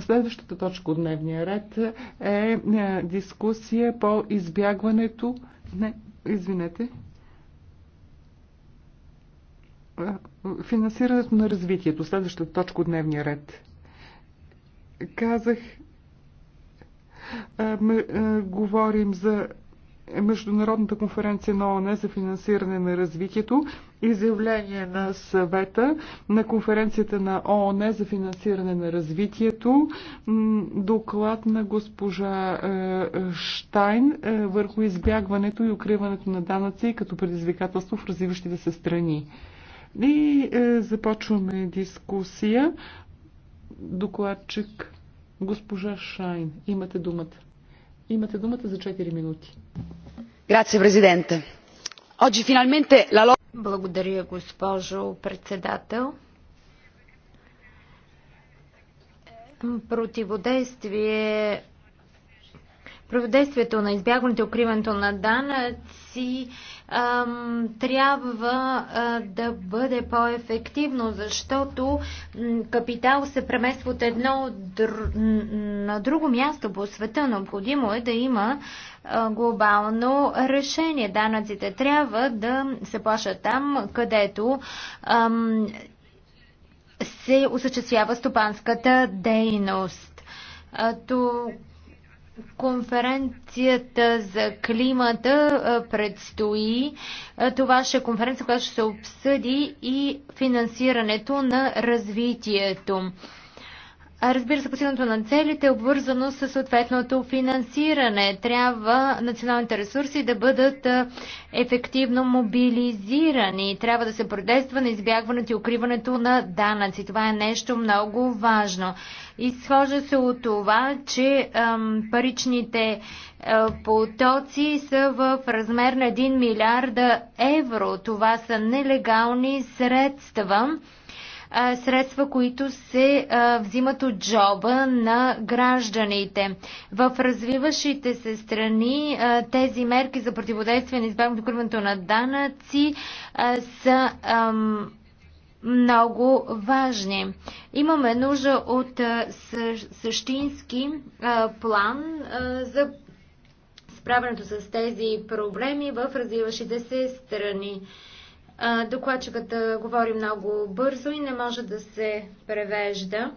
Следващата точка от дневния ред е, е дискусия по избягването. Не, извинете. Е, финансирането на развитието. Следващата точка от дневния ред. Казах, е, говорим за е Международната конференция на ООН за финансиране на развитието, и заявление на съвета на конференцията на ООН за финансиране на развитието, доклад на госпожа е, е, Штайн върху избягването и укриването на данъци като предизвикателство в развиващите се страни. И започваме дискусия. Докладчик госпожа Шайн. Имате думата. Имате думата за 4 минути. Грация, президенте. Оджи финалменте ла Благодаря, госпожо председател. Противодействие Противодействието на избягването и укриването на данъци трябва да бъде по-ефективно, защото капитал се премества от едно на друго място по света. Необходимо е да има глобално решение. Данъците трябва да се плащат там, където се осъществява стопанската дейност. Тук Конференцията за климата предстои. Това ще е конференция, която ще се обсъди и финансирането на развитието. Разбира се, постигането на целите е обвързано с съответното финансиране. Трябва националните ресурси да бъдат ефективно мобилизирани. Трябва да се продейства на избягването и укриването на данъци. Това е нещо много важно. Изхожда се от това, че ам, паричните потоци са в размер на 1 милиарда евро. Това са нелегални средства средства, които се взимат от джоба на гражданите. В развиващите се страни тези мерки за противодействие на избягването на данъци са много важни. Имаме нужда от същински план за справянето с тези проблеми в развиващите се страни. Докладчикът говори много бързо и не може да се превежда.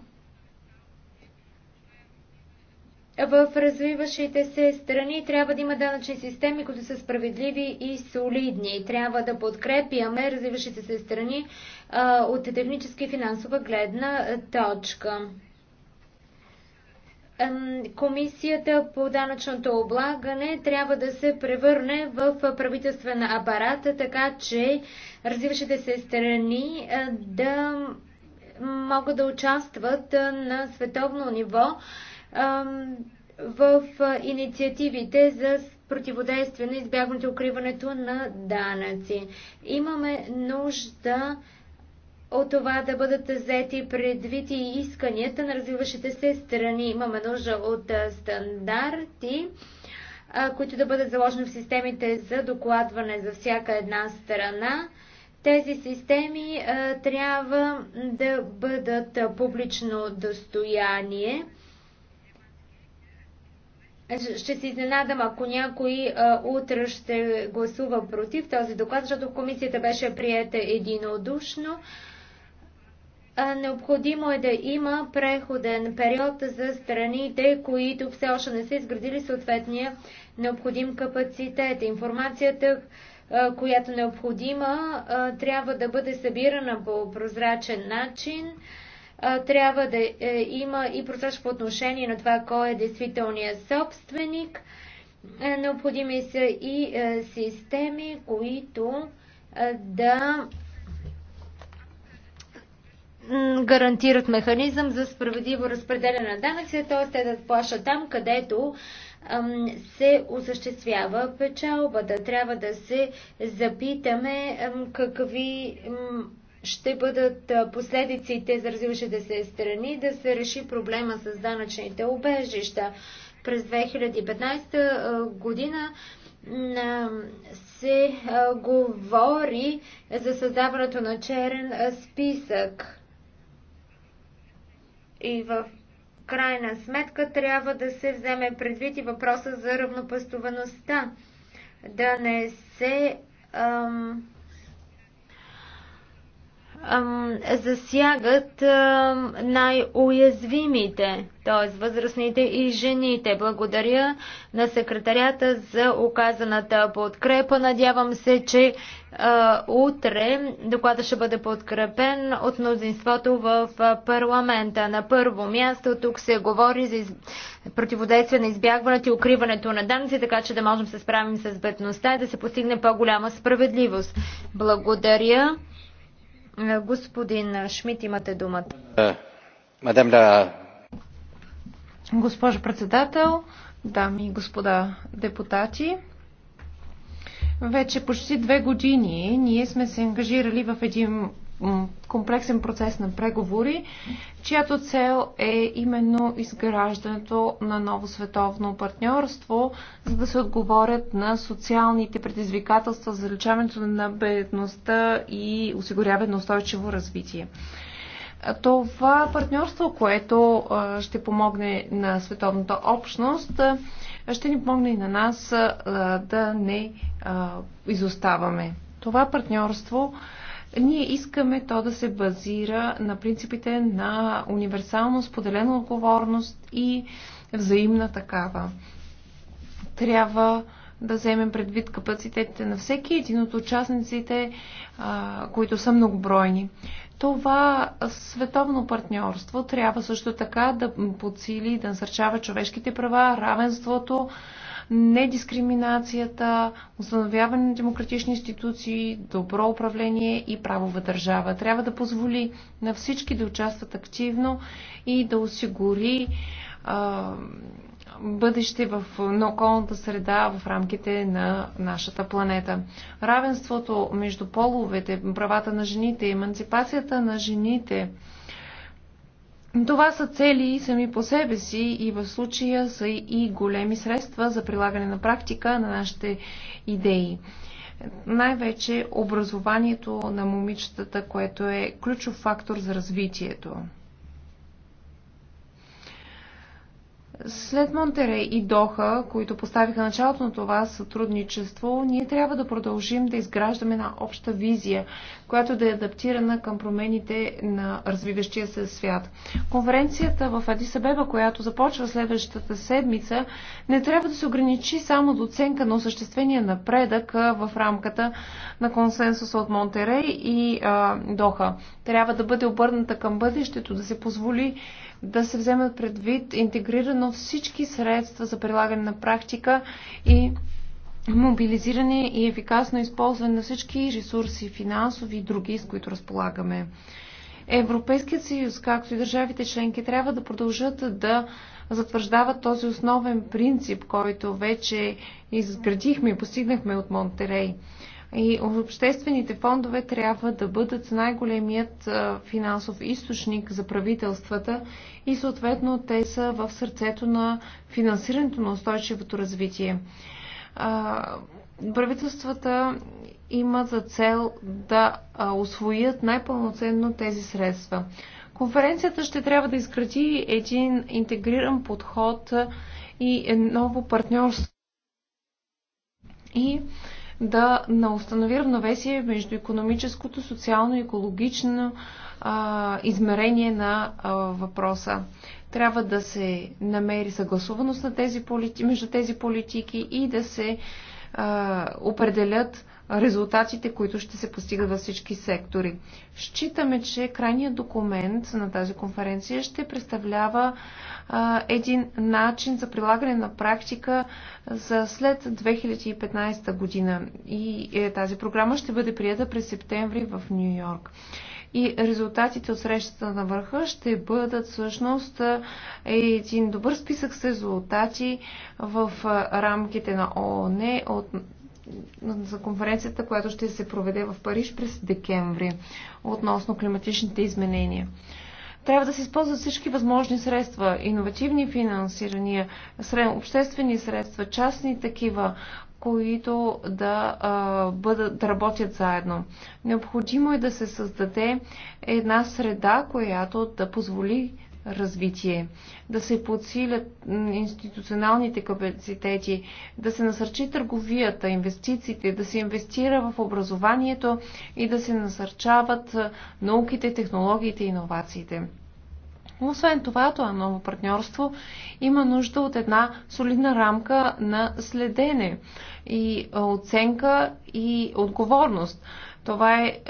В развиващите се страни трябва да има данъчни системи, които са справедливи и солидни. Трябва да подкрепяме развиващите се страни от технически и финансова гледна точка. Комисията по данъчното облагане трябва да се превърне в правителствен апарат, така че развиващите се страни да могат да участват на световно ниво в инициативите за противодействие на избягването и укриването на данъци. Имаме нужда от това да бъдат взети предвид и исканията на развиващите се страни. Имаме нужда от стандарти, които да бъдат заложени в системите за докладване за всяка една страна. Тези системи трябва да бъдат публично достояние. Ще се изненадам, ако някой а, утре ще гласува против този доклад, защото комисията беше приета единодушно. Необходимо е да има преходен период за страните, които все още не са изградили съответния необходим капацитет. Информацията, която е необходима, трябва да бъде събирана по прозрачен начин. Трябва да е, има и прозрачно по отношение на това, кой е действителният собственик. Е, необходими са и системи, които да гарантират механизъм за справедливо разпределение на данъци, т.е. те да плащат там, където се осъществява печалбата. Трябва да се запитаме какви ще бъдат последиците за развиващите се страни да се реши проблема с данъчните обежища. През 2015 година се говори за създаването на черен списък. И в крайна сметка трябва да се вземе предвид и въпроса за равнопъстоваността. Да не се ам, засягат най-уязвимите, т.е. възрастните и жените. Благодаря на секретарята за оказаната подкрепа. Надявам се, че а, утре докладът ще бъде подкрепен от мнозинството в парламента. На първо място тук се говори за из... противодействие на избягването и укриването на данъци, така че да можем да се справим с бедността и да се постигне по-голяма справедливост. Благодаря. Господин Шмидт, имате думата. Е, Госпожо председател, дами и господа депутати, вече почти две години ние сме се ангажирали в един комплексен процес на преговори, чиято цел е именно изграждането на ново световно партньорство, за да се отговорят на социалните предизвикателства, заличаването на бедността и осигуряване на устойчиво развитие. Това партньорство, което ще помогне на световната общност, ще ни помогне и на нас да не изоставаме. Това партньорство ние искаме то да се базира на принципите на универсално споделена отговорност и взаимна такава. Трябва да вземем предвид капацитетите на всеки един от участниците, които са многобройни. Това световно партньорство трябва също така да подсили и да насърчава човешките права, равенството, недискриминацията, установяване на демократични институции, добро управление и правова държава. Трябва да позволи на всички да участват активно и да осигури а, бъдеще в на околната среда в рамките на нашата планета. Равенството между половете, правата на жените, емансипацията на жените – това са цели сами по себе си и в случая са и големи средства за прилагане на практика на нашите идеи. Най-вече образованието на момичетата, което е ключов фактор за развитието. След Монтере и Доха, които поставиха началото на това сътрудничество, ние трябва да продължим да изграждаме една обща визия, която да е адаптирана към промените на развиващия се свят. Конференцията в Адисабеба, която започва следващата седмица, не трябва да се ограничи само до оценка на осъществения напредък в рамката на консенсуса от Монтере и а, Доха. Трябва да бъде обърната към бъдещето, да се позволи да се вземат предвид интегрирано всички средства за прилагане на практика и мобилизиране и ефикасно използване на всички ресурси, финансови и други, с които разполагаме. Европейският съюз, както и държавите членки, трябва да продължат да затвърждават този основен принцип, който вече изградихме и постигнахме от Монтерей. И обществените фондове трябва да бъдат най-големият финансов източник за правителствата и съответно те са в сърцето на финансирането на устойчивото развитие. Правителствата имат за цел да освоят най-пълноценно тези средства. Конференцията ще трябва да изкрати един интегриран подход и е ново партньорство. И да наустанови равновесие между економическото, социално и екологично а, измерение на а, въпроса. Трябва да се намери съгласуваност на тези полити... между тези политики и да се а, определят резултатите, които ще се постигат във всички сектори. Считаме, че крайният документ на тази конференция ще представлява а, един начин за прилагане на практика за след 2015 година. И е, тази програма ще бъде прията през септември в Нью Йорк. И резултатите от срещата на върха ще бъдат всъщност един добър списък с резултати в рамките на ООН от за конференцията, която ще се проведе в Париж през декември относно климатичните изменения. Трябва да се използват всички възможни средства, иновативни финансирания, обществени средства, частни такива, които да, а, бъдат, да работят заедно. Необходимо е да се създаде една среда, която да позволи развитие, да се подсилят институционалните капацитети, да се насърчи търговията, инвестициите, да се инвестира в образованието и да се насърчават науките, технологиите и иновациите. Освен това, това ново партньорство има нужда от една солидна рамка на следене и оценка и отговорност. Това е, е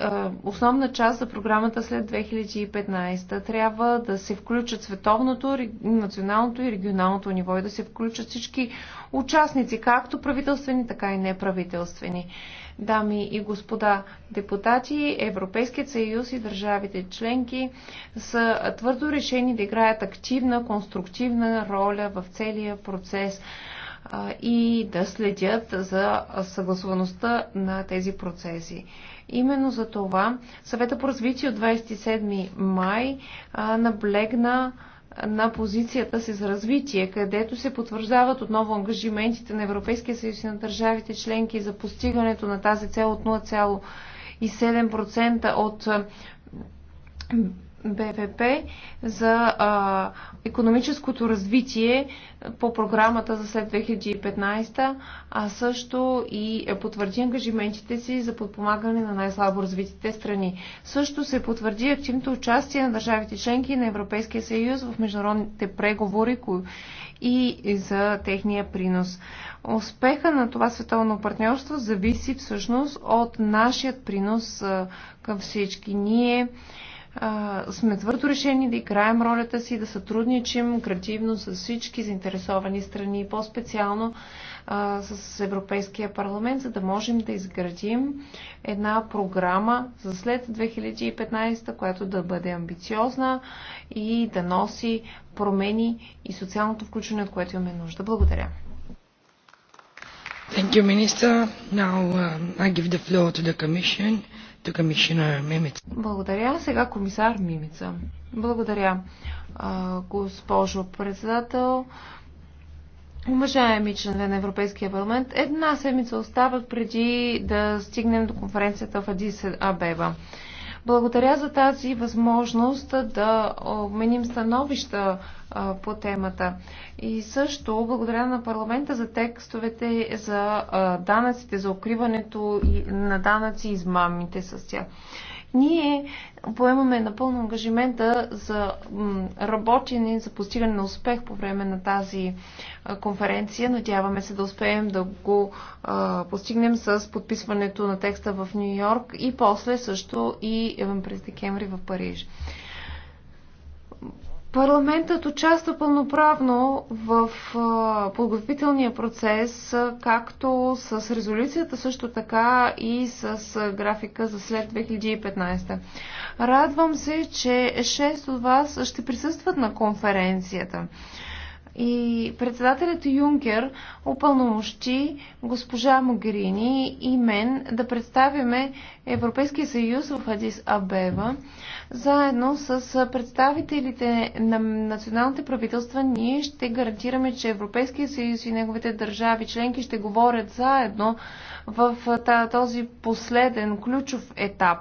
основна част за програмата след 2015. Трябва да се включат световното, националното и регионалното ниво и да се включат всички участници, както правителствени, така и неправителствени. Дами и господа депутати, Европейският съюз и държавите членки са твърдо решени да играят активна, конструктивна роля в целия процес е, и да следят за съгласуваността на тези процеси. Именно за това съвета по развитие от 27 май а, наблегна на позицията си за развитие, където се потвърждават отново ангажиментите на Европейския съюз и на държавите членки за постигането на тази цел от 0,7% от БВП за а, економическото развитие по програмата за след 2015, а също и потвърди ангажиментите си за подпомагане на най-слабо развитите страни. Също се потвърди активното участие на държавите членки на Европейския съюз в международните преговори и за техния принос. Успеха на това световно партньорство зависи всъщност от нашият принос към всички. Ние а, сме твърдо решени да играем ролята си, да сътрудничим креативно с всички заинтересовани страни, по-специално с Европейския парламент, за да можем да изградим една програма за след 2015, която да бъде амбициозна и да носи промени и социалното включване, от което имаме нужда. Благодаря. Thank you, Minister. Now um, I give the floor to the Commission. Благодаря. Сега комисар Мимица. Благодаря, госпожо председател. Уважаеми членове на Европейския парламент, една седмица остава преди да стигнем до конференцията в Адис Абеба. Благодаря за тази възможност да обменим становища по темата. И също благодаря на парламента за текстовете за данъците, за укриването на данъци и измамите с тях. Ние поемаме напълно ангажимента за работене, за постигане на успех по време на тази конференция. Надяваме се да успеем да го постигнем с подписването на текста в Нью Йорк и после също и през декември в Париж. Парламентът участва пълноправно в подготвителния процес, както с резолюцията, също така и с графика за след 2015. Радвам се, че 6 от вас ще присъстват на конференцията. И председателят Юнкер опълномощи госпожа Могерини и мен да представяме Европейския съюз в Адис Абева, заедно с представителите на националните правителства. Ние ще гарантираме, че Европейския съюз и неговите държави членки ще говорят заедно в този последен ключов етап.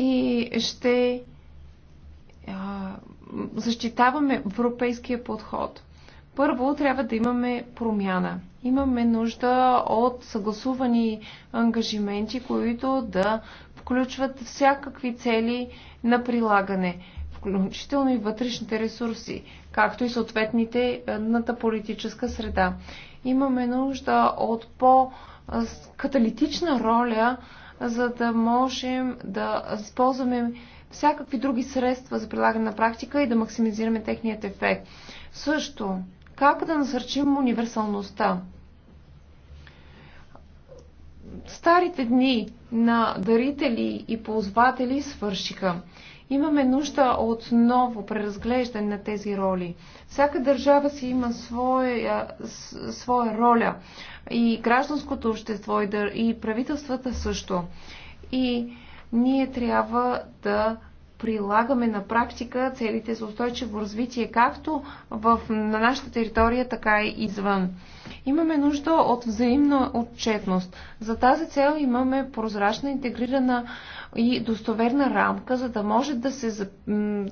И ще защитаваме европейския подход. Първо трябва да имаме промяна. Имаме нужда от съгласувани ангажименти, които да включват всякакви цели на прилагане, включително и вътрешните ресурси, както и съответните е, политическа среда. Имаме нужда от по-каталитична роля, за да можем да използваме всякакви други средства за прилагане на практика и да максимизираме техният ефект. Също, как да насърчим универсалността? Старите дни на дарители и ползватели свършиха. Имаме нужда от ново преразглеждане на тези роли. Всяка държава си има своя, своя роля. И гражданското общество, и, правителствата също. И ние трябва да прилагаме на практика целите за устойчиво развитие, както в, на нашата територия, така и извън. Имаме нужда от взаимна отчетност. За тази цел имаме прозрачна интегрирана и достоверна рамка, за да може да се,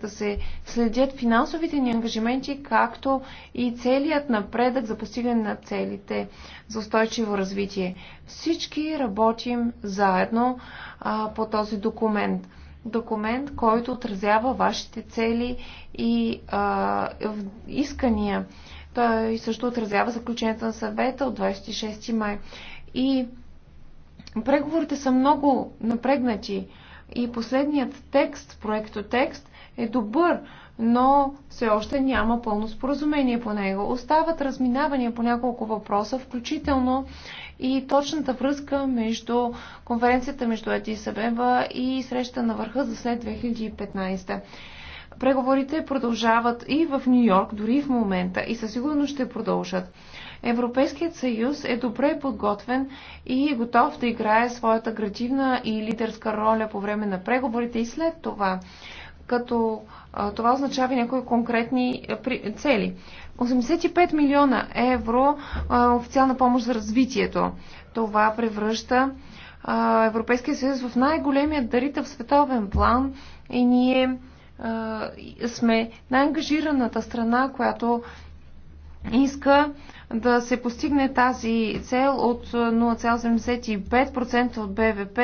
да се следят финансовите ни ангажименти, както и целият напредък за постигане на целите за устойчиво развитие. Всички работим заедно а, по този документ документ, който отразява вашите цели и а, искания. Той също отразява заключението на съвета от 26 май. И Преговорите са много напрегнати и последният текст, проекто текст, е добър, но все още няма пълно споразумение по него. Остават разминавания по няколко въпроса, включително и точната връзка между конференцията между Адис Абеба и среща на върха за след 2015. Преговорите продължават и в Нью Йорк, дори в момента, и със сигурност ще продължат. Европейският съюз е добре подготвен и е готов да играе своята градивна и лидерска роля по време на преговорите и след това като това означава някои конкретни цели. 85 милиона евро официална помощ за развитието. Това превръща Европейския съюз в най-големия дарител в световен план и ние сме най-ангажираната страна, която иска да се постигне тази цел от 0,75% от БВП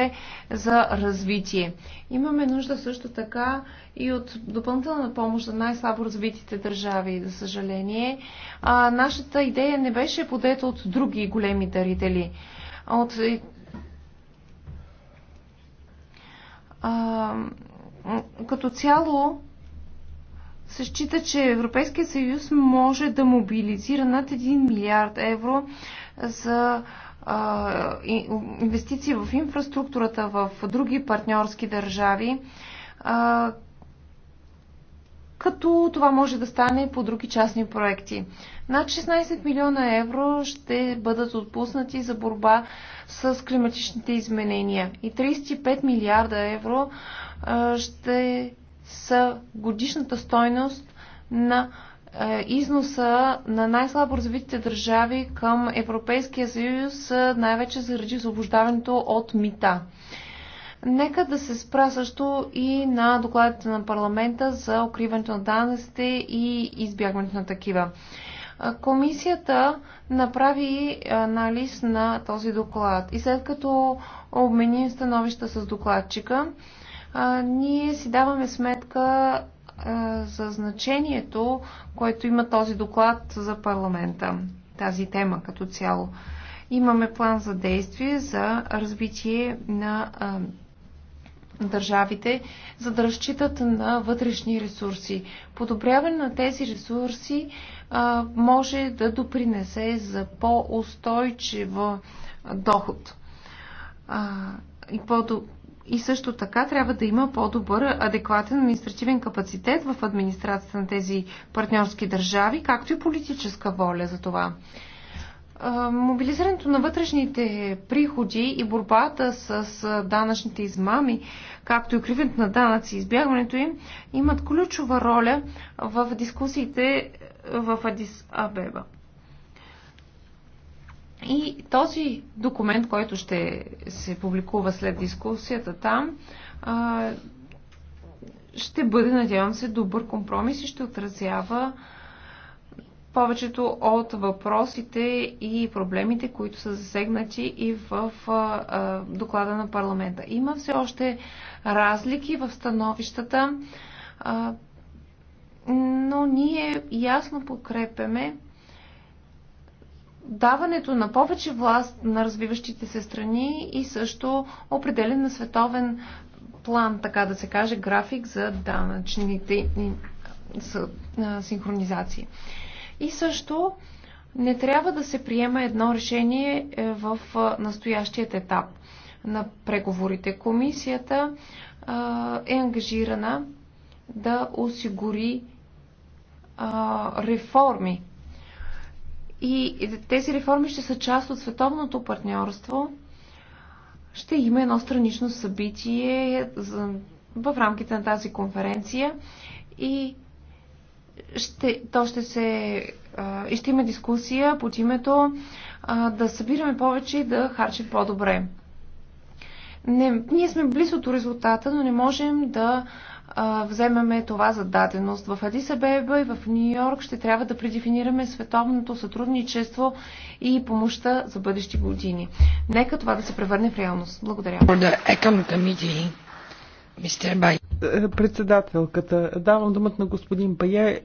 за развитие. Имаме нужда също така и от допълнителна помощ за най-слабо развитите държави, за съжаление. А, нашата идея не беше подета от други големи дарители. От... А, като цяло се счита, че Европейския съюз може да мобилизира над 1 милиард евро за а, инвестиции в инфраструктурата в други партньорски държави, а, като това може да стане по други частни проекти. Над 16 милиона евро ще бъдат отпуснати за борба с климатичните изменения и 35 милиарда евро ще са годишната стойност на е, износа на най-слабо развитите държави към Европейския съюз, е, най-вече заради освобождаването от мита. Нека да се спра също и на докладите на парламента за укриването на данъците и избягването на такива. Е, комисията направи анализ на този доклад и след като обменим становища с докладчика, а, ние си даваме сметка а, за значението, което има този доклад за парламента, тази тема като цяло. Имаме план за действие за развитие на а, държавите, за да разчитат на вътрешни ресурси. Подобряване на тези ресурси а, може да допринесе за по-устойчива доход а, и по и също така трябва да има по-добър адекватен административен капацитет в администрацията на тези партньорски държави, както и политическа воля за това. Мобилизирането на вътрешните приходи и борбата с данъчните измами, както и укриването на данъци и избягването им, имат ключова роля в дискусиите в Адис Абеба. И този документ, който ще се публикува след дискусията там, ще бъде, надявам се, добър компромис и ще отразява повечето от въпросите и проблемите, които са засегнати и в доклада на парламента. Има все още разлики в становищата, но ние ясно подкрепяме даването на повече власт на развиващите се страни и също определен на световен план, така да се каже, график за данъчните синхронизации. И също не трябва да се приема едно решение е, в настоящият етап на преговорите. Комисията е ангажирана да осигури реформи и тези реформи ще са част от световното партньорство. Ще има едно странично събитие в рамките на тази конференция и ще, то ще се и ще има дискусия под името да събираме повече и да харчим по-добре. Не, ние сме близо до резултата, но не можем да вземеме това за даденост. В Адисабеба и в Нью Йорк ще трябва да предефинираме световното сътрудничество и помощта за бъдещи години. Нека това да се превърне в реалност. Благодаря. Мистер Бай. Председателката, давам думата на господин Бае,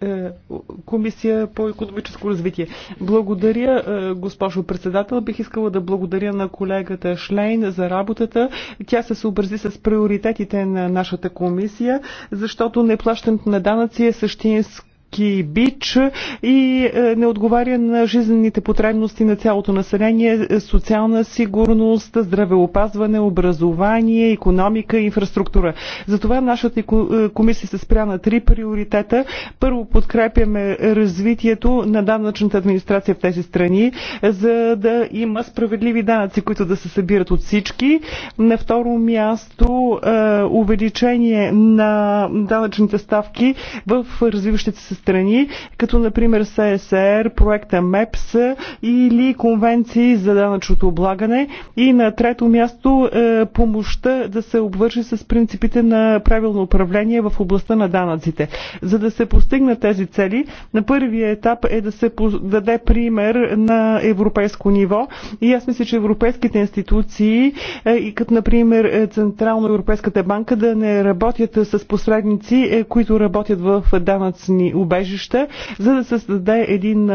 Комисия по економическо развитие. Благодаря, е, госпожо председател. Бих искала да благодаря на колегата Шлейн за работата. Тя се съобрази с приоритетите на нашата комисия, защото не плащането на данъци е същинско ки бич и е, не отговаря на жизнените потребности на цялото население, социална сигурност, здравеопазване, образование, економика, инфраструктура. Затова нашата е, комисия се спря на три приоритета. Първо подкрепяме развитието на данъчната администрация в тези страни, за да има справедливи данъци, които да се събират от всички. На второ място е, увеличение на данъчните ставки в развиващите се страни, като например ССР, проекта МЕПС или конвенции за данъчното облагане и на трето място е, помощта да се обвържи с принципите на правилно управление в областта на данъците. За да се постигнат тези цели, на първия етап е да се даде пример на европейско ниво и аз мисля, че европейските институции е, и като например е, Централно Европейската банка да не работят с посредници, които работят в данъчни облаги убежища, за да се създаде един,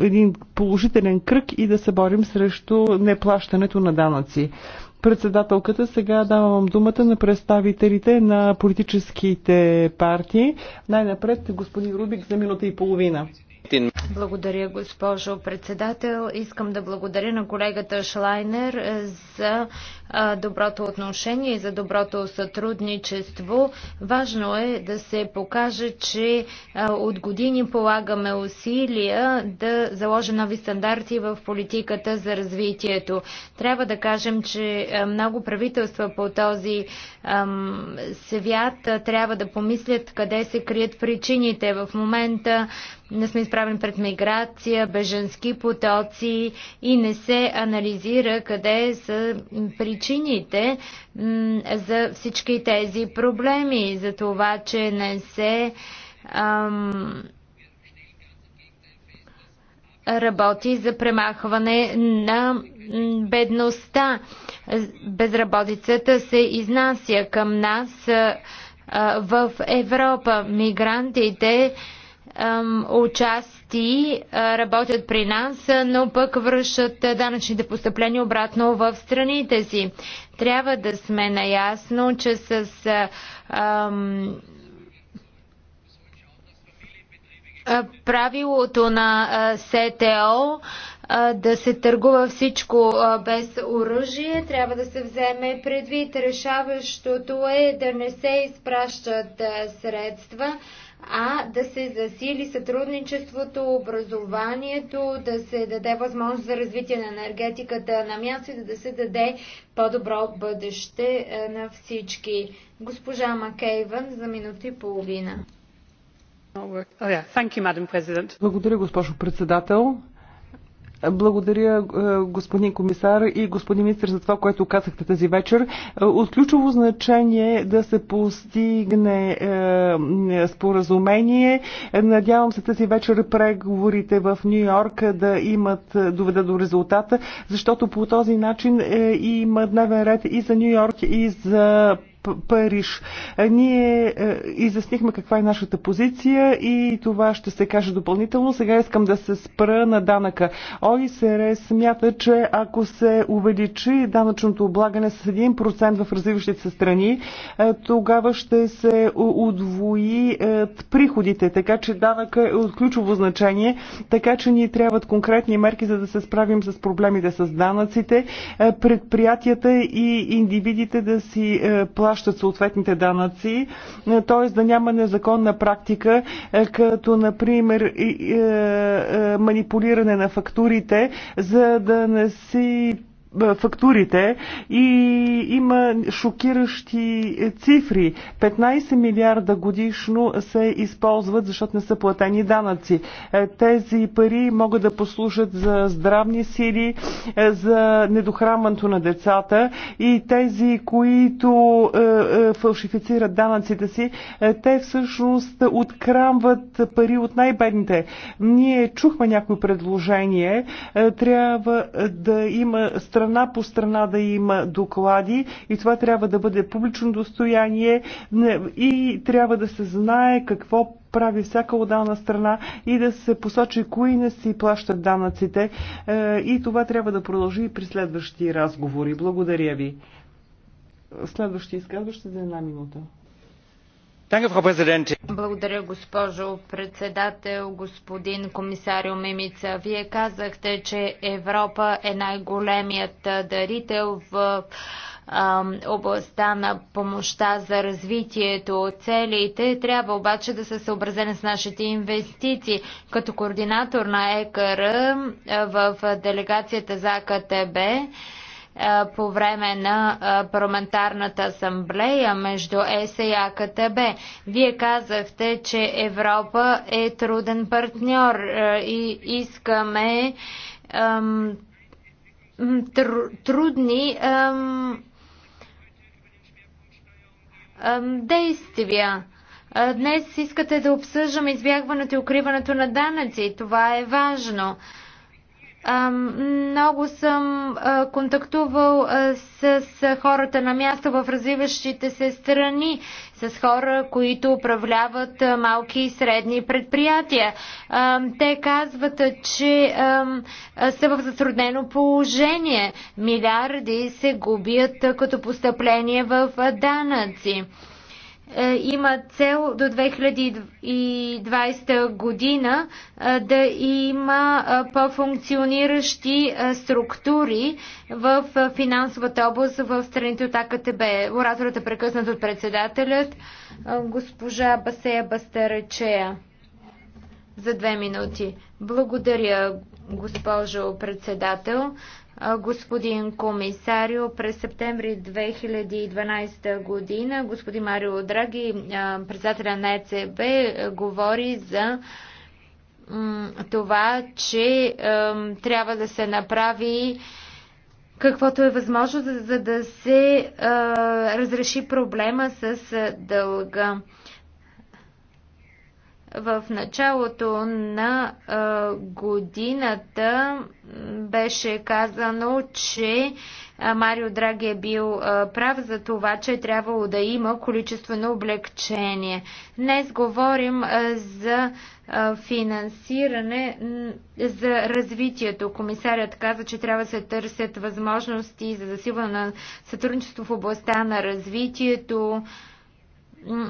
един положителен кръг и да се борим срещу неплащането на данъци председателката. Сега давам думата на представителите на политическите партии. Най-напред господин Рубик за минута и половина. Благодаря, госпожо председател. Искам да благодаря на колегата Шлайнер за доброто отношение и за доброто сътрудничество. Важно е да се покаже, че от години полагаме усилия да заложим нови стандарти в политиката за развитието. Трябва да кажем, че много правителства по този свят трябва да помислят къде се крият причините. В момента не сме изправени пред миграция, беженски потоци и не се анализира къде са причините причините за всички тези проблеми, за това, че не се ам, работи за премахване на бедността. Безработицата се изнася към нас в Европа. Мигрантите а, участи работят при нас, но пък връщат данъчните постъпления обратно в страните си. Трябва да сме наясно, че с правилото на СТО да се търгува всичко без оръжие, трябва да се вземе предвид. Решаващото е да не се изпращат средства а да се засили сътрудничеството, образованието, да се даде възможност за развитие на енергетиката на място и да се даде по-добро бъдеще е, на всички. Госпожа Макейвън за минута и половина. Oh, Благодаря, госпожо председател. Благодаря, е, господин комисар и господин министр, за това, което казахте тази вечер. Е, от ключово значение е да се постигне е, споразумение. Надявам се тази вечер преговорите в Нью Йорк да имат доведа до резултата, защото по този начин има дневен ред и за Нью Йорк, и за Париж. Ние изяснихме каква е нашата позиция и това ще се каже допълнително. Сега искам да се спра на данъка. ОИСР смята, че ако се увеличи данъчното облагане с 1% в развиващите се страни, тогава ще се удвои приходите, така че данъка е от ключово значение, така че ни трябват конкретни мерки, за да се справим с проблемите с данъците, предприятията и индивидите да си плащат плащат съответните данъци, т.е. да няма незаконна практика, е, като например е, е, манипулиране на фактурите, за да не си фактурите и има шокиращи цифри. 15 милиарда годишно се използват, защото не са платени данъци. Е, тези пари могат да послужат за здравни сили, е, за недохранването на децата и тези, които е, фалшифицират данъците си, те всъщност открамват пари от най-бедните. Ние чухме някои предложение. Трябва да има страна по страна да има доклади и това трябва да бъде публично достояние и трябва да се знае какво прави всяка отдална страна и да се посочи кои не си плащат данъците. Е, и това трябва да продължи и при следващи разговори. Благодаря ви. Следващи изказващи за една минута. Благодаря, госпожо председател, господин комисарио Мимица. Вие казахте, че Европа е най-големият дарител в областта на помощта за развитието. Целите трябва обаче да се съобразени с нашите инвестиции. Като координатор на ЕКР в делегацията за АКТБ, по време на парламентарната асамблея между ЕС и АКТБ. Вие казахте, че Европа е труден партньор и искаме ем, тр, трудни ем, ем, действия. Днес искате да обсъждаме избягването и укриването на данъци. Това е важно. Много съм контактувал с хората на място в развиващите се страни, с хора, които управляват малки и средни предприятия. Те казват, че са в затруднено положение. Милиарди се губят като постъпление в данъци. Е, има цел до 2020 година е, да има е, по-функциониращи структури в финансовата област в страните от АКТБ. Ораторът е прекъснат от председателят госпожа Басея Бастаречея за две минути. Благодаря, госпожо председател господин комисарио. През септември 2012 година господин Марио Драги, председателя на ЕЦБ, говори за това, че трябва да се направи каквото е възможно, за да се разреши проблема с дълга. В началото на а, годината беше казано, че Марио Драги е бил а, прав за това, че е трябвало да има количествено облегчение. Днес говорим а, за а, финансиране за развитието. Комисарят каза, че трябва да се търсят възможности за засилване на сътрудничество в областта на развитието. А,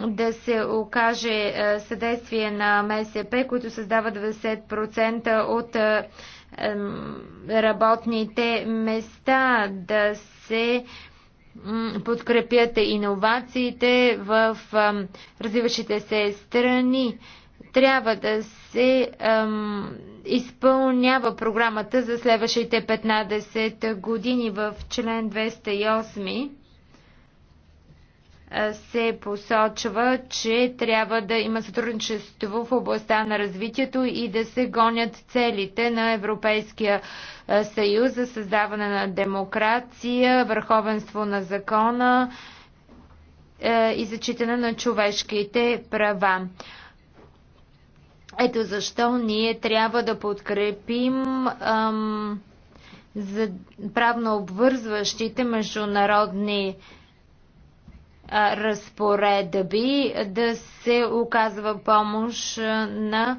да се окаже е, съдействие на МСП, които създават 90% от е, работните места, да се подкрепят иновациите в развиващите се страни. Трябва да се ем, изпълнява програмата за следващите 15 години в член 208 се посочва, че трябва да има сътрудничество в областта на развитието и да се гонят целите на Европейския съюз за създаване на демокрация, върховенство на закона и зачитане на човешките права. Ето защо ние трябва да подкрепим ам, за правно обвързващите международни разпоредби да се оказва помощ на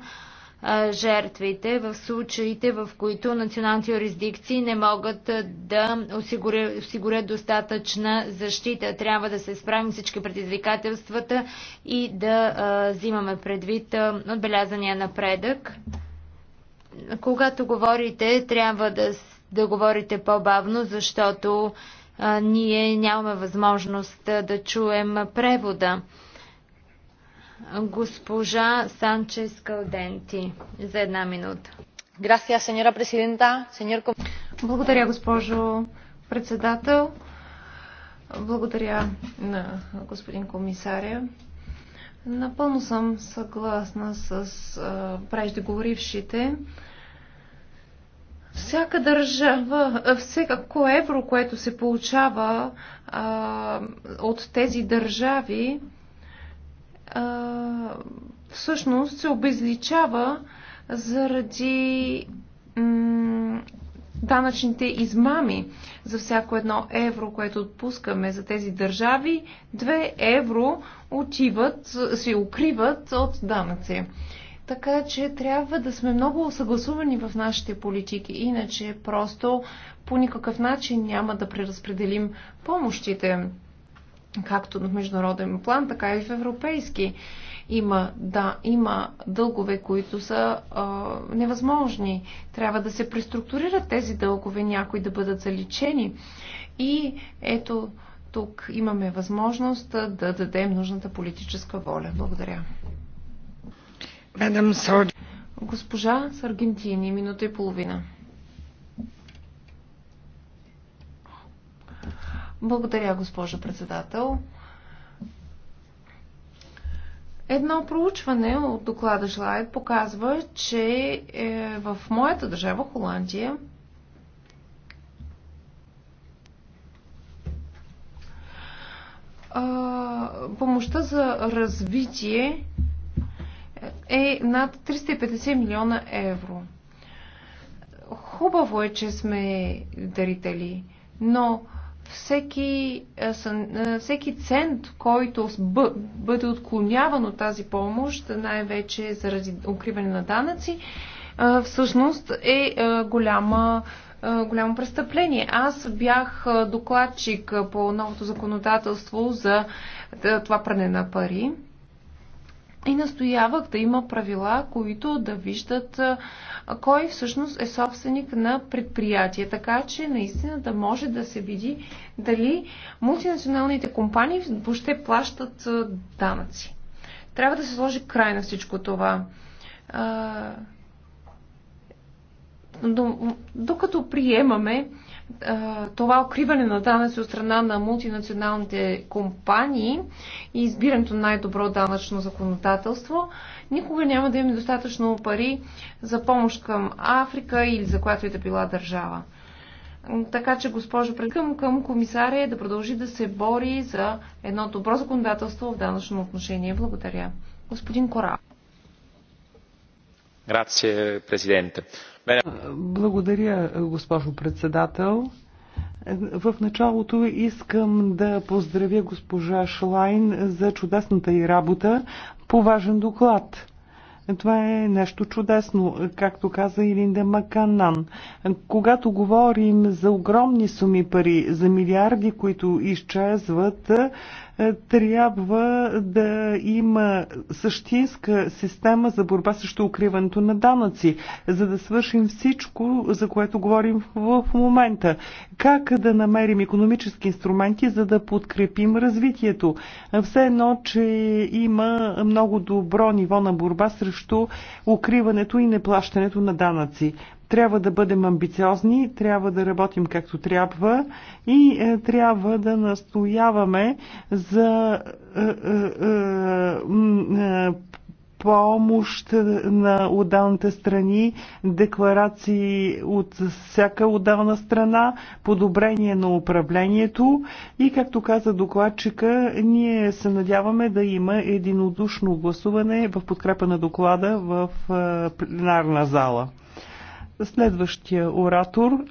жертвите в случаите, в които националните юрисдикции не могат да осигурят, осигурят достатъчна защита. Трябва да се справим всички предизвикателствата и да а, взимаме предвид а, отбелязания напредък. Когато говорите, трябва да, да говорите по-бавно, защото ние нямаме възможност да чуем превода. Госпожа Санчес Калденти за една минута. Благодаря, госпожо председател. Благодаря на господин комисаря. Напълно съм съгласна с преждеговорившите. говорившите всяка държава, всекако евро, което се получава а, от тези държави, а, всъщност се обезличава заради данъчните измами за всяко едно евро, което отпускаме за тези държави, две евро отиват, се укриват от данъци. Така че трябва да сме много съгласувани в нашите политики, иначе просто по никакъв начин няма да преразпределим помощите, както в международен план, така и в европейски. Има, да, има дългове, които са а, невъзможни. Трябва да се преструктурират тези дългове, някои да бъдат заличени. И ето тук имаме възможност да дадем нужната политическа воля. Благодаря. Госпожа с Аргентини, минута и половина. Благодаря, госпожа председател. Едно проучване от доклада Шлайд показва, че е, в моята държава, Холандия, помощта за развитие е над 350 милиона евро. Хубаво е, че сме дарители, но всеки, всеки цент, който бъде отклоняван от тази помощ, най-вече заради укриване на данъци, всъщност е голяма, голямо престъпление. Аз бях докладчик по новото законодателство за това пране на пари и настоявах да има правила, които да виждат кой всъщност е собственик на предприятие, така че наистина да може да се види дали мултинационалните компании въобще плащат данъци. Трябва да се сложи край на всичко това. Но докато приемаме това укриване на данъци от страна на мултинационалните компании и избирането на най-добро данъчно законодателство, никога няма да имаме достатъчно пари за помощ към Африка или за която и е да била държава. Така че, госпожо, предкъм към комисаря да продължи да се бори за едно добро законодателство в данъчно отношение. Благодаря. Господин Кора. Грация, президенте. Благодаря, госпожо председател. В началото искам да поздравя госпожа Шлайн за чудесната й работа по важен доклад. Това е нещо чудесно, както каза Илинда Маканан. Когато говорим за огромни суми пари, за милиарди, които изчезват, трябва да има същинска система за борба срещу укриването на данъци, за да свършим всичко, за което говорим в момента. Как да намерим економически инструменти, за да подкрепим развитието? Все едно, че има много добро ниво на борба срещу укриването и неплащането на данъци. Трябва да бъдем амбициозни, трябва да работим както трябва и е, трябва да настояваме за е, е, е, е помощ на отдалните страни, декларации от всяка отдална страна, подобрение на управлението и, както каза докладчика, ние се надяваме да има единодушно гласуване в подкрепа на доклада в е, пленарна зала. Следващия оратор,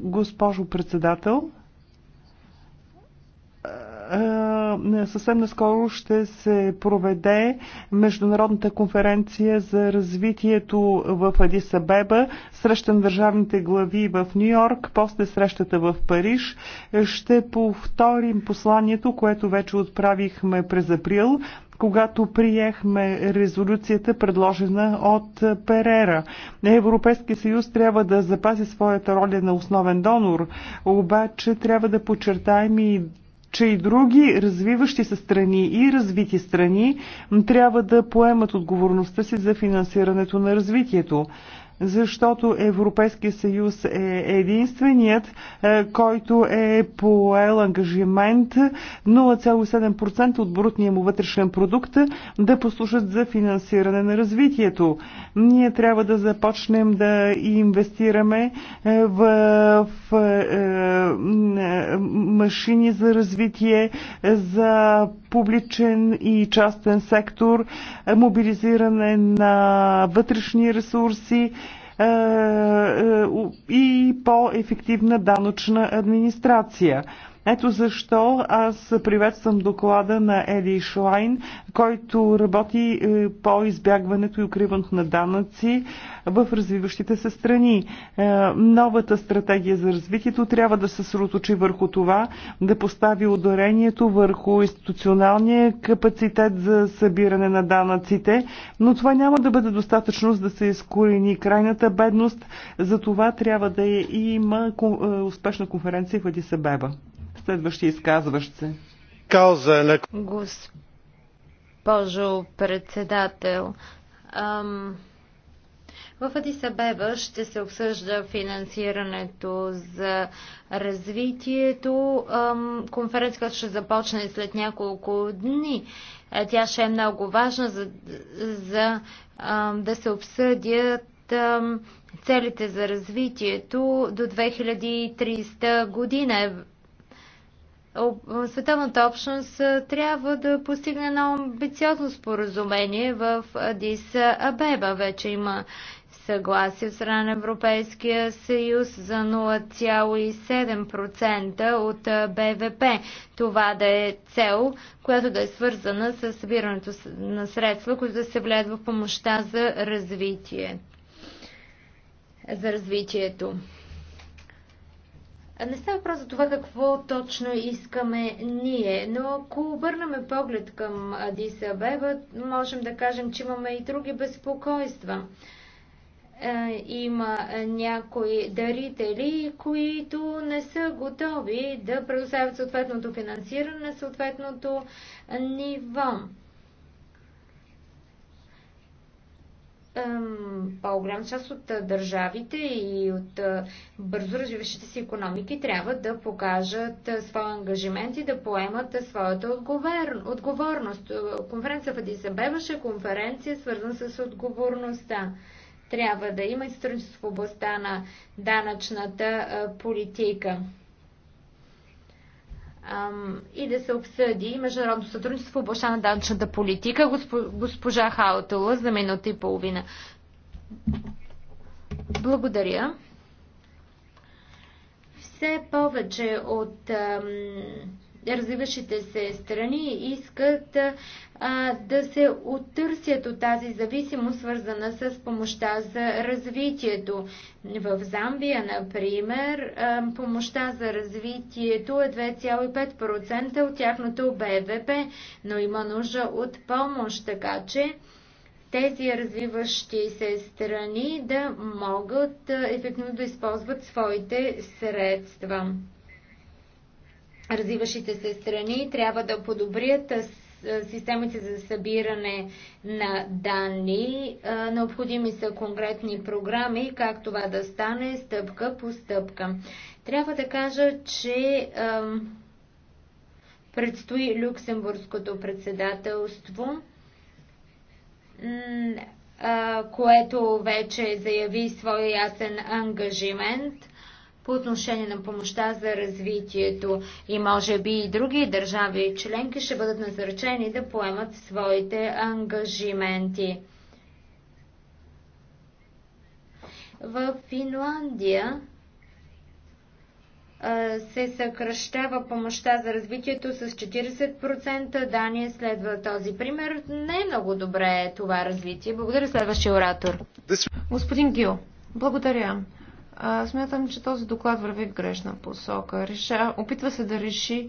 госпожо председател, е, съвсем наскоро ще се проведе Международната конференция за развитието в Адисабеба, Абеба, среща на държавните глави в Нью Йорк, после срещата в Париж. Ще повторим посланието, което вече отправихме през април, когато приехме резолюцията, предложена от Перера. Европейския съюз трябва да запази своята роля на основен донор, обаче трябва да подчертаем и че и други развиващи се страни и развити страни трябва да поемат отговорността си за финансирането на развитието защото Европейския съюз е единственият, е, който е поел ангажимент 0,7% от брутния му вътрешен продукт да послужат за финансиране на развитието. Ние трябва да започнем да инвестираме е, в е, машини за развитие, за публичен и частен сектор, мобилизиране на вътрешни ресурси, е, е, и по-ефективна данъчна администрация. Ето защо аз приветствам доклада на Еди Шлайн, който работи е, по избягването и укриването на данъци в развиващите се страни. Е, новата стратегия за развитието трябва да се сроточи върху това, да постави ударението върху институционалния капацитет за събиране на данъците, но това няма да бъде достатъчно за да се изкорени крайната бедност. За това трябва да е- има е, успешна конференция в Адисабеба. Следващия изказващ се. Госпожо председател, ам, в Адисабеба ще се обсъжда финансирането за развитието. Конференцията ще започне след няколко дни. Е, тя ще е много важна за, за да се обсъдят целите за развитието до 2300 година. Световната общност трябва да постигне едно амбициозно споразумение в Адис Абеба. Вече има съгласие от страна на Европейския съюз за 0,7% от БВП. Това да е цел, която да е свързана с събирането на средства, които да се влеят в помощта за развитие. За развитието. Не става въпрос за това какво точно искаме ние, но ако обърнаме поглед към Адиса Абеба, можем да кажем, че имаме и други безпокойства. Е, има някои дарители, които не са готови да предоставят съответното финансиране на съответното ниво. по-голям част от държавите и от е, бързо развиващите си економики трябва да покажат е, своя ангажимент и да поемат своята отговорност. Конференция в Адисабеба беше конференция свързана с отговорността. Трябва да има и сътрудничество в областта на данъчната политика и да се обсъди международно сътрудничество в областта на данъчната политика. Госпожа Хаутала за минута и половина. Благодаря. Все повече от ам, развиващите се страни искат а, да се оттърсят от тази зависимост, свързана с помощта за развитието. В Замбия, например, а, помощта за развитието е 2,5% от тяхното БВП, но има нужда от помощ, така че тези развиващи се страни да могат ефективно да използват своите средства развиващите се страни трябва да подобрят системите за събиране на данни. Необходими са конкретни програми, как това да стане стъпка по стъпка. Трябва да кажа, че предстои люксембургското председателство, което вече заяви своя ясен ангажимент – по отношение на помощта за развитието и може би и други държави членки ще бъдат насърчени да поемат своите ангажименти. В Финландия се съкръщава помощта за развитието с 40%. Дания следва този пример. Не е много добре това развитие. Благодаря следващия оратор. Господин Гил, благодаря. А, смятам, че този доклад върви в грешна посока. Реша, опитва се да реши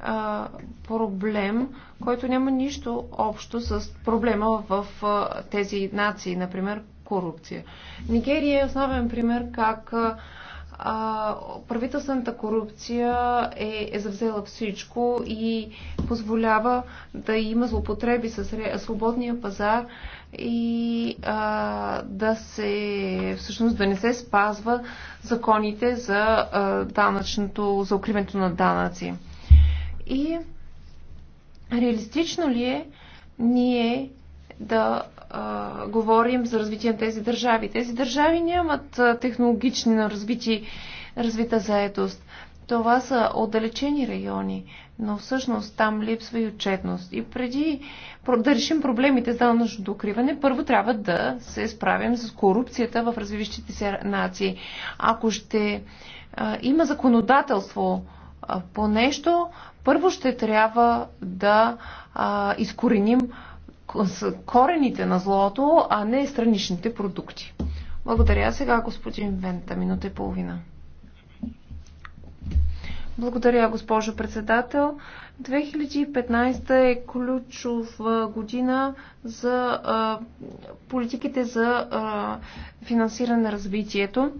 а, проблем, който няма нищо общо с проблема в а, тези нации, например корупция. Нигерия е основен пример как а, а, правителствената корупция е, е завзела всичко и позволява да има злопотреби с ре, свободния пазар и а, да се всъщност да не се спазва законите за а, данъчното, за укриването на данъци. И реалистично ли е ние да говорим за развитие на тези държави. Тези държави нямат технологични развити, развита заедост. Това са отдалечени райони, но всъщност там липсва и отчетност. И преди да решим проблемите с данъчното укриване, първо трябва да се справим с корупцията в развиващите се нации. Ако ще а, има законодателство а, по нещо, първо ще трябва да а, изкореним корените на злото, а не страничните продукти. Благодаря сега, господин Вента. Минута и половина. Благодаря, госпожо председател. 2015 е ключова година за а, политиките за а, финансиране на развитието.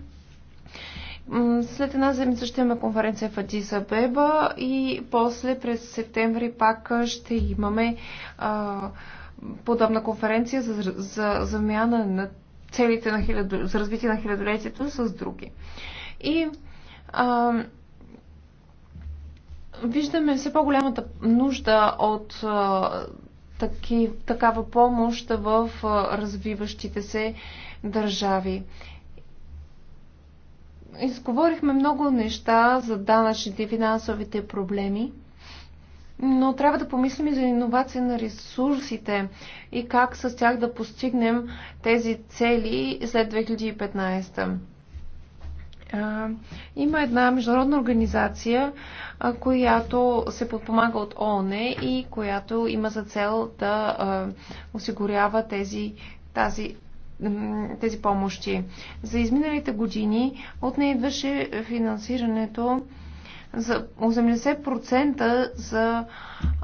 След една земица ще имаме конференция в Адиса Беба и после през септември пак ще имаме а, подобна конференция за, за замяна на целите на хилядо, за развитие на хилядолетието с други. И а, виждаме все по-голямата нужда от а, таки, такава помощ в а, развиващите се държави. Изговорихме много неща за данъчните и финансовите проблеми но трябва да помислим и за иновация на ресурсите и как с тях да постигнем тези цели след 2015. Има една международна организация, която се подпомага от ООН и която има за цел да осигурява тези, тази тези помощи. За изминалите години от нея идваше финансирането за 80% за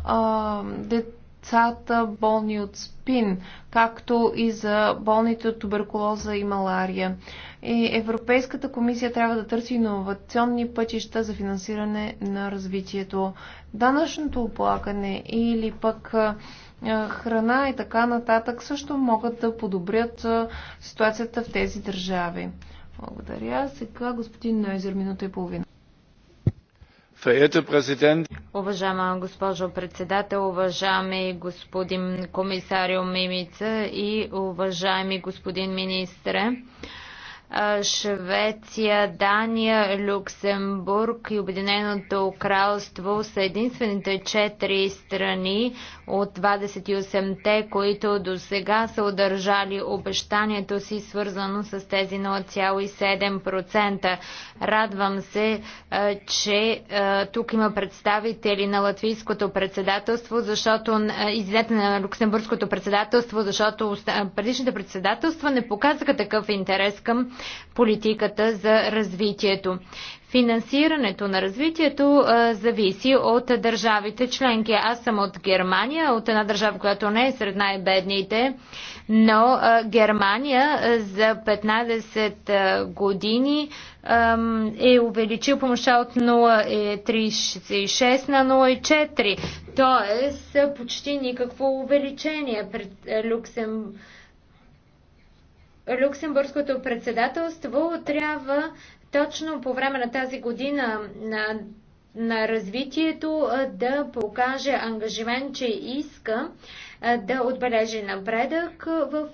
а, децата болни от спин, както и за болните от туберкулоза и малария. И Европейската комисия трябва да търси иновационни пътища за финансиране на развитието. Данъчното оплакане или пък храна и така нататък също могат да подобрят ситуацията в тези държави. Благодаря. Сега господин Нойзер, минута и половина. Уважаема госпожо председател, уважаеми господин комисарио Мимица и уважаеми господин министре. Швеция, Дания, Люксембург и Обединеното кралство са единствените четири страни от 28-те, които до сега са удържали обещанието си, свързано с тези 0,7%. Радвам се, че тук има представители на латвийското председателство, защото извинете на люксембургското председателство, защото предишните председателства не показаха такъв интерес към политиката за развитието. Финансирането на развитието а, зависи от държавите членки. Аз съм от Германия, от една държава, която не е сред най-бедните, но а, Германия а, за 15 а, години а, е увеличил помощта от 0,36 е на 0,4, т.е. почти никакво увеличение пред Люксембург Люксембургското председателство трябва точно по време на тази година на, на развитието да покаже ангажимент, че иска да отбележи напредък в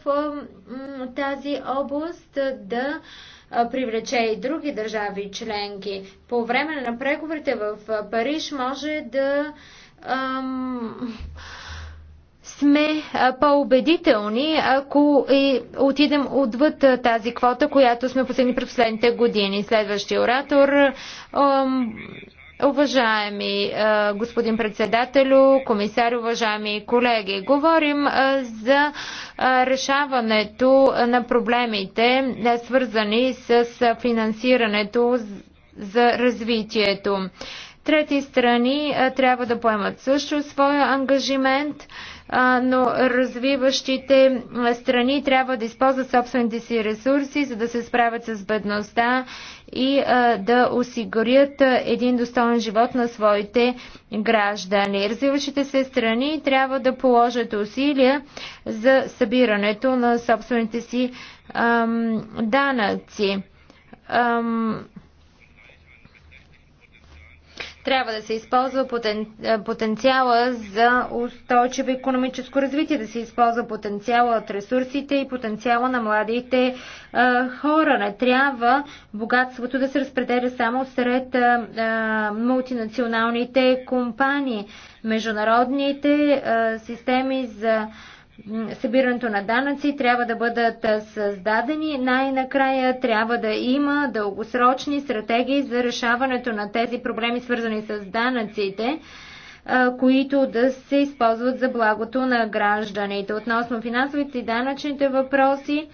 тази област, да привлече и други държави членки. По време на преговорите в Париж може да ам, сме по-убедителни, ако и отидем отвъд тази квота, която сме последни през последните години. Следващия оратор. Уважаеми господин председателю, комисар, уважаеми колеги, говорим за решаването на проблемите, свързани с финансирането за развитието. Трети страни трябва да поемат също своя ангажимент но развиващите страни трябва да използват собствените си ресурси, за да се справят с бедността и да осигурят един достоен живот на своите граждани. Развиващите се страни трябва да положат усилия за събирането на собствените си данъци. Трябва да се използва потен... Е, потенциала за устойчиво економическо развитие, да се използва потенциала от ресурсите и потенциала на младите а, е, хора. Не трябва богатството да се разпределя само сред а, е, а, мултинационалните компании. Международните а, системи за а, събирането на данъци трябва да бъдат създадени. Най-накрая трябва да има дългосрочни стратегии за решаването на тези проблеми, свързани с данъците които да се използват за благото на гражданите. Относно финансовите и данъчните въпроси,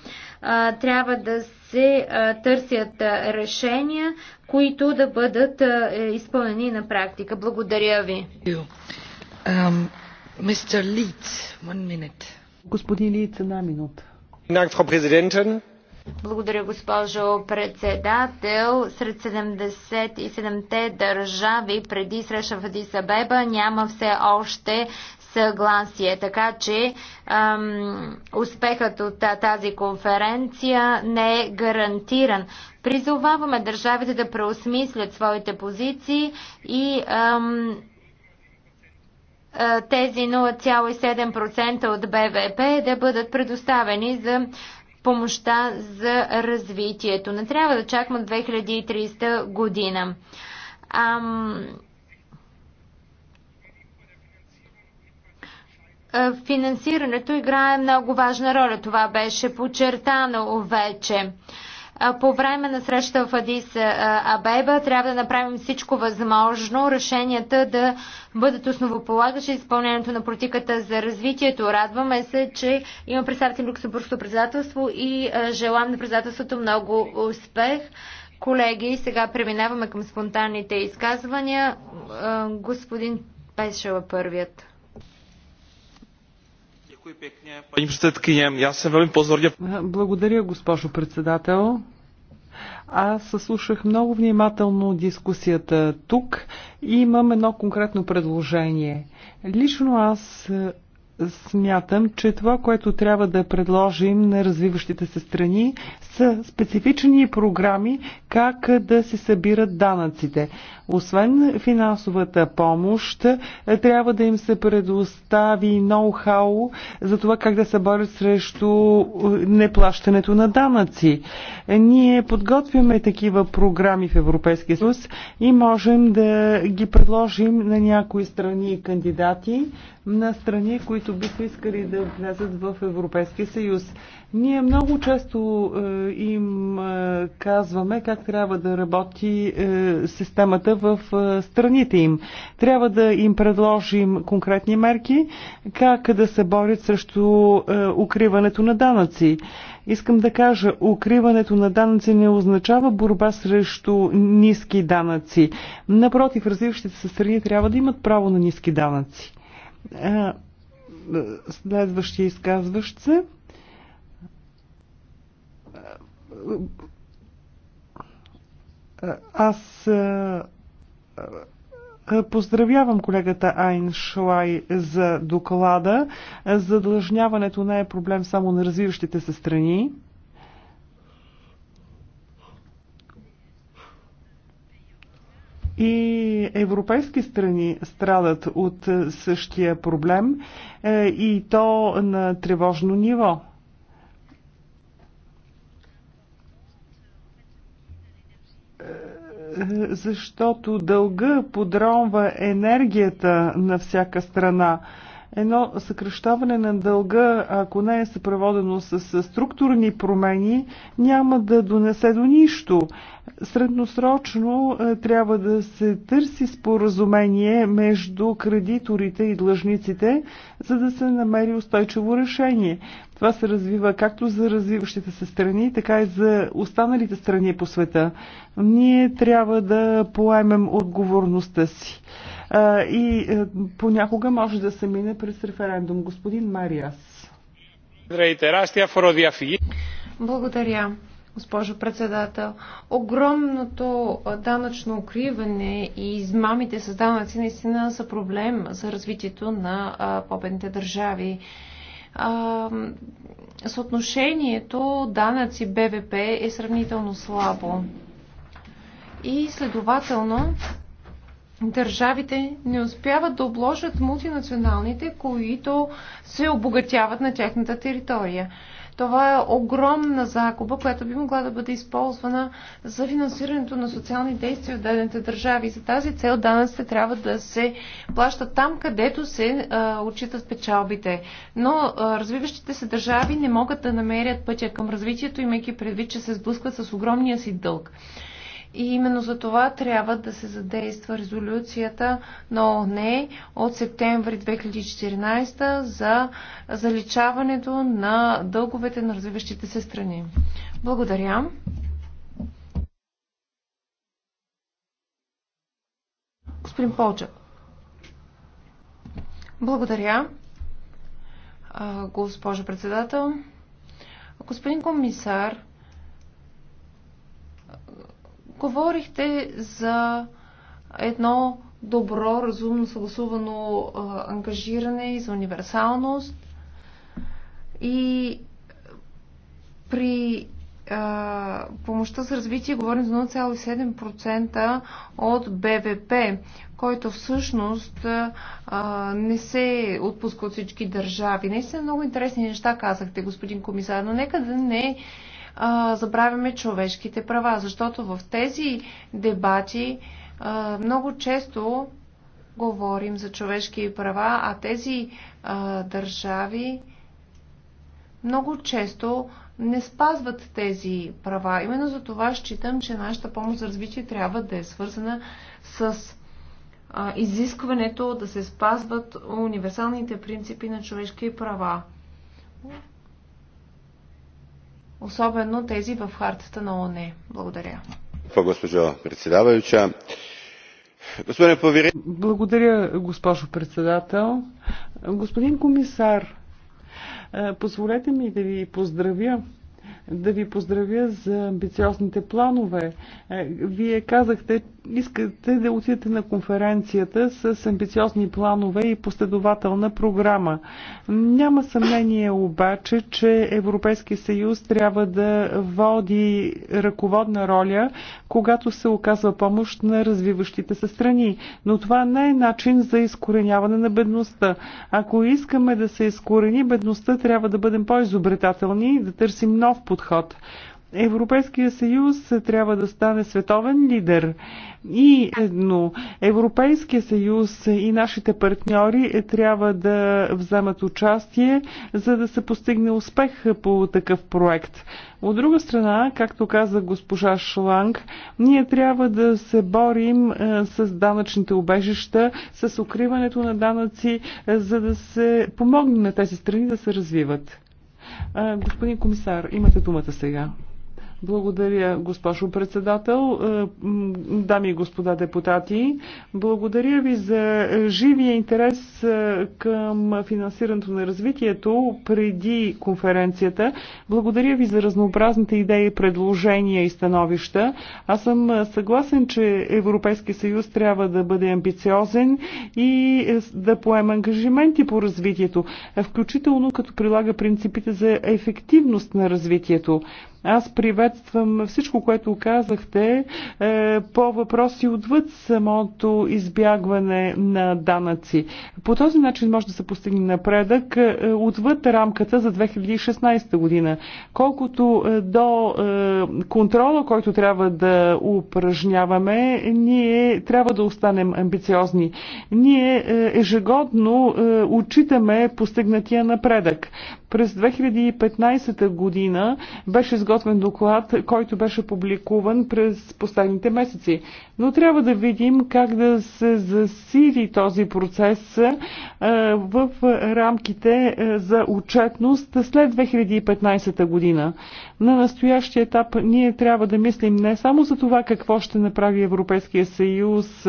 трябва да се търсят решения, които да бъдат е, изпълнени на практика. Благодаря ви. Господин Лиц, една минута. Благодаря, госпожо председател. Сред 77-те държави преди среща в Адисабеба няма все още съгласие. Така че ам, успехът от тази конференция не е гарантиран. Призоваваме държавите да преосмислят своите позиции и ам, е, тези 0,7% от БВП да бъдат предоставени за помощта за развитието. Не трябва да чакаме 2300 година. Ам... Е, финансирането играе много важна роля. Това беше подчертано вече. По време на среща в Адис Абеба трябва да направим всичко възможно решенията да бъдат основополагащи изпълнението на политиката за развитието. Радваме се, че има представител Люксембургското председателство и желам на председателството много успех. Колеги, сега преминаваме към спонтанните изказвания. Господин Пешева първият. Благодаря, госпожо председател. Аз слушах много внимателно дискусията тук и имам едно конкретно предложение. Лично аз е, смятам, че това, което трябва да предложим на развиващите се страни, са специфични програми как е да се събират данъците. Освен финансовата помощ, е, трябва да им се предостави ноу-хау за това как да се борят срещу е, неплащането на данъци. Е, ние подготвяме такива програми в Европейския съюз и можем да ги предложим на някои страни и кандидати, на страни, които биха искали да влязат в Европейския съюз. Ние много често е, им е, казваме как трябва да работи е, системата в страните им. Трябва да им предложим конкретни мерки, как да се борят срещу укриването на данъци. Искам да кажа, укриването на данъци не означава борба срещу ниски данъци. Напротив, развиващите се страни трябва да имат право на ниски данъци. Следващия изказващ се. Аз Поздравявам колегата Айншлай за доклада. Задлъжняването не е проблем само на развиващите се страни. И европейски страни страдат от същия проблем е, и то на тревожно ниво. защото дълга подронва енергията на всяка страна едно съкръщаване на дълга, ако не е съпроводено с структурни промени, няма да донесе до нищо. Средносрочно е, трябва да се търси споразумение между кредиторите и длъжниците, за да се намери устойчиво решение. Това се развива както за развиващите се страни, така и за останалите страни по света. Ние трябва да поемем отговорността си и е, понякога може да се мине през референдум. Господин Мариас. Благодаря госпожо председател. Огромното данъчно укриване и измамите с данъци наистина са проблем за развитието на победните държави. А, съотношението данъци БВП е сравнително слабо. И следователно държавите не успяват да обложат мултинационалните, които се обогатяват на тяхната територия. Това е огромна загуба, която би могла да бъде използвана за финансирането на социални действия в дадените държави. За тази цел данъците трябва да се плащат там, където се а, отчитат печалбите. Но а, развиващите се държави не могат да намерят пътя към развитието, имайки предвид, че се сблъскват с огромния си дълг. И именно за това трябва да се задейства резолюцията на ООН от септември 2014 за заличаването на дълговете на развиващите се страни. Благодаря. Господин Полчак, Благодаря, госпожо председател. Господин комисар, Говорихте за едно добро, разумно, съгласувано а, ангажиране и за универсалност. И при а, помощта за развитие говорим за 0,7% от БВП, който всъщност а, не се отпуска от всички държави. Наистина много интересни неща казахте, господин комисар, но нека да не а, забравяме човешките права, защото в тези дебати а, много често говорим за човешки права, а тези а, държави много често не спазват тези права. Именно за това считам, че нашата помощ за развитие трябва да е свързана с а, изискването да се спазват универсалните принципи на човешки права особено тези в хартата на ООН. Благодаря. Госпожо председаваща, Господин повери... Благодаря, госпожо председател. Господин комисар, е, позволете ми да ви поздравя да ви поздравя за амбициозните планове. Е, вие казахте, искате да отидете на конференцията с амбициозни планове и последователна програма. Няма съмнение обаче, че Европейски съюз трябва да води ръководна роля, когато се оказва помощ на развиващите се страни. Но това не е начин за изкореняване на бедността. Ако искаме да се изкорени бедността, трябва да бъдем по-изобретателни и да търсим нов подход. Европейския съюз трябва да стане световен лидер. И едно, Европейския съюз и нашите партньори трябва да вземат участие, за да се постигне успех по такъв проект. От друга страна, както каза госпожа Шланг, ние трябва да се борим е, с данъчните обежища, с укриването на данъци, е, за да се помогне на тези страни да се развиват. Е, господин комисар, имате думата сега. Благодаря, госпожо председател, е, дами и господа депутати. Благодаря ви за живия интерес е, към финансирането на развитието преди конференцията. Благодаря ви за разнообразните идеи, предложения и становища. Аз съм съгласен, че Европейски съюз трябва да бъде амбициозен и е, да поема ангажименти по развитието, включително като прилага принципите за ефективност на развитието. Аз приветствам всичко, което казахте е, по въпроси отвъд самото избягване на данъци. По този начин може да се постигне напредък е, отвъд рамката за 2016 година. Колкото е, до контрола, който трябва да упражняваме, ние трябва да останем амбициозни. Ние ежегодно отчитаме постигнатия напредък. През 2015 година беше изготвен доклад, който беше публикуван през последните месеци. Но трябва да видим как да се засили този процес е, в рамките е, за отчетност след 2015 година. На настоящия етап ние трябва да мислим не само за това какво ще направи Европейския съюз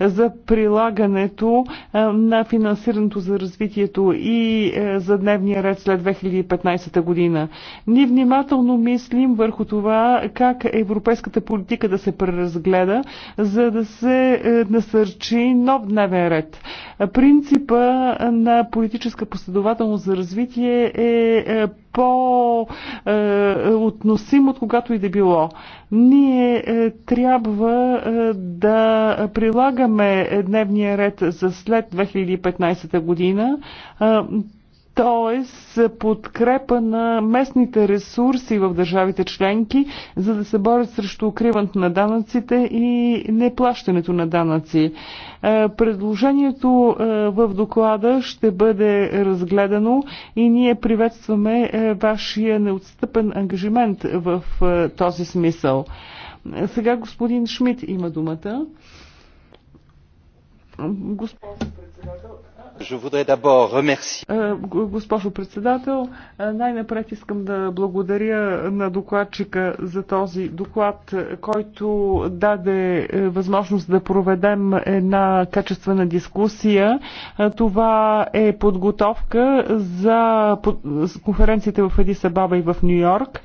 за прилагането на финансирането за развитието и за дневния ред след 2015 година. Ние внимателно мислим върху това как европейската политика да се преразгледа, за да се насърчи нов дневен ред. Принципа на политическа последователност за развитие е, е по-относим е, от когато и да било. Ние е, трябва да прилагаме дневния ред за след 2015 година т.е. подкрепа на местните ресурси в държавите членки, за да се борят срещу укриването на данъците и неплащането на данъци. Е, предложението е, в доклада ще бъде разгледано и ние приветстваме е, вашия неотстъпен ангажимент в този смисъл. Сега господин Шмидт има думата. Госпожо председател, е, госпожо председател, е, най-напред искам да благодаря на докладчика за този доклад, е, който даде възможност да проведем една качествена дискусия. Това е подготовка за конференцията в Адисабаба и в Нью Йорк.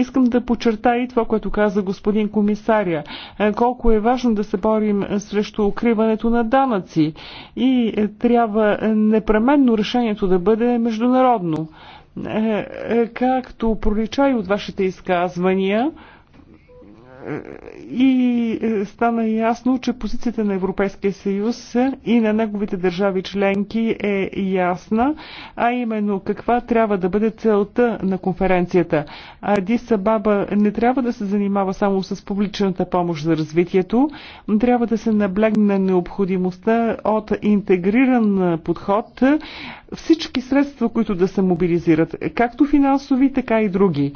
Искам да подчертая и това, което каза господин комисаря. Е, колко е важно да се борим срещу укриването на данъци и е, трябва непременно решението да бъде международно. Е, както пролича и от вашите изказвания, и е, стана ясно, че позицията на Европейския съюз и на неговите държави членки е ясна, а именно каква трябва да бъде целта на конференцията. Адис Абаба не трябва да се занимава само с публичната помощ за развитието, трябва да се наблегне необходимостта от интегриран подход, всички средства, които да се мобилизират, както финансови, така и други.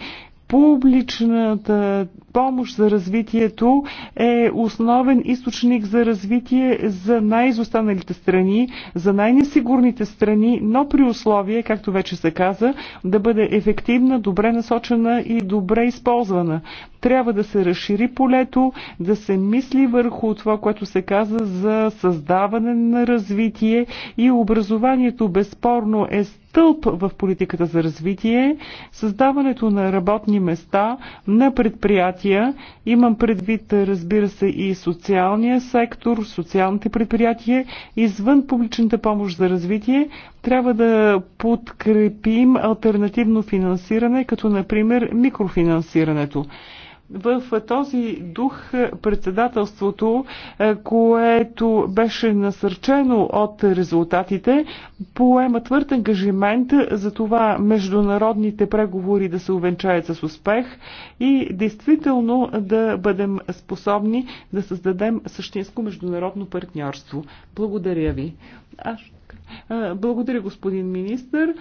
Публичната помощ за развитието е основен източник за развитие за най-изостаналите страни, за най-несигурните страни, но при условие, както вече се каза, да бъде ефективна, добре насочена и добре използвана. Трябва да се разшири полето, да се мисли върху това, което се каза за създаване на развитие и образованието безспорно е стълб в политиката за развитие, създаването на работни места, на предприятия. Имам предвид, разбира се, и социалния сектор, социалните предприятия, извън публичната помощ за развитие. Трябва да подкрепим альтернативно финансиране, като например микрофинансирането. В този дух председателството, е, което беше насърчено от резултатите, поема твърд ангажимент за това международните преговори да се увенчаят с успех и действително да бъдем способни да създадем същинско международно партньорство. Благодаря ви. Аз благодаря, господин министр.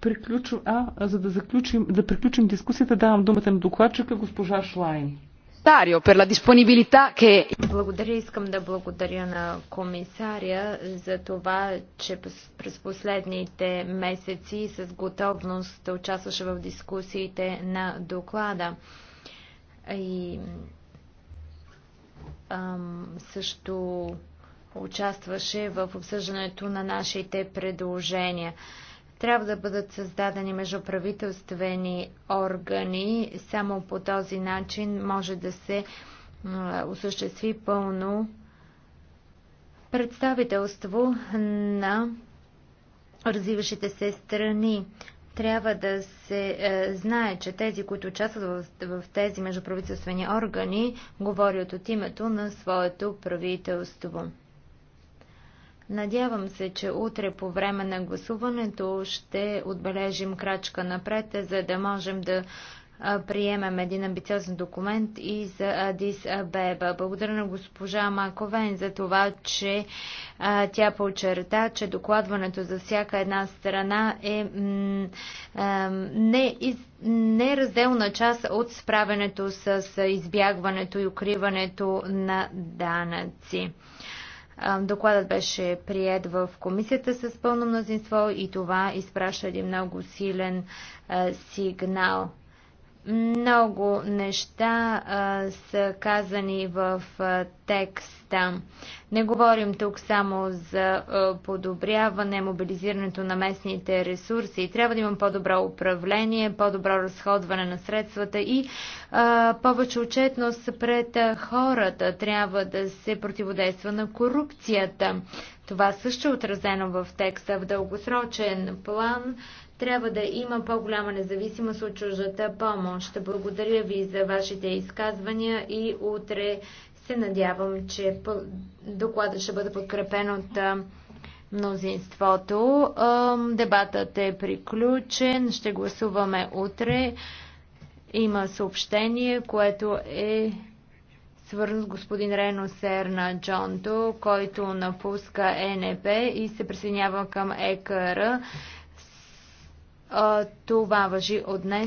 Приключу... А, за да, заключим, да приключим дискусията, давам думата на докладчика госпожа Шлайн. Благодаря, искам да благодаря на комисаря за това, че през последните месеци с готовност участваше в дискусиите на доклада. И ам, също участваше в обсъждането на нашите предложения. Трябва да бъдат създадени междуправителствени органи. Само по този начин може да се осъществи пълно представителство на развиващите се страни. Трябва да се е, знае, че тези, които участват в, в тези междуправителствени органи, говорят от името на своето правителство. Надявам се, че утре по време на гласуването ще отбележим крачка напред, за да можем да приемем един амбициозен документ и за Адис Абеба. Благодаря на госпожа Маковен за това, че а, тя подчерта, че докладването за всяка една страна е а, не из, неразделна част от справенето с избягването и укриването на данъци. Докладът беше прият в комисията с пълно мнозинство и това изпраща един много силен сигнал много неща а, са казани в а, текста. Не говорим тук само за а, подобряване, мобилизирането на местните ресурси. Трябва да имам по-добро управление, по-добро разходване на средствата и а, повече отчетност пред а, хората. Трябва да се противодейства на корупцията. Това също е отразено в текста в дългосрочен план. А, трябва да има по-голяма независимост от чуждата помощ. Благодаря ви за вашите изказвания и утре се надявам, че докладът ще бъде подкрепен от мнозинството. Дебатът е приключен. Ще гласуваме утре. Има съобщение, което е свързан с господин Рено Серна Джонто, който напуска е НП и се присъединява към ЕКР. Това въжи от днес.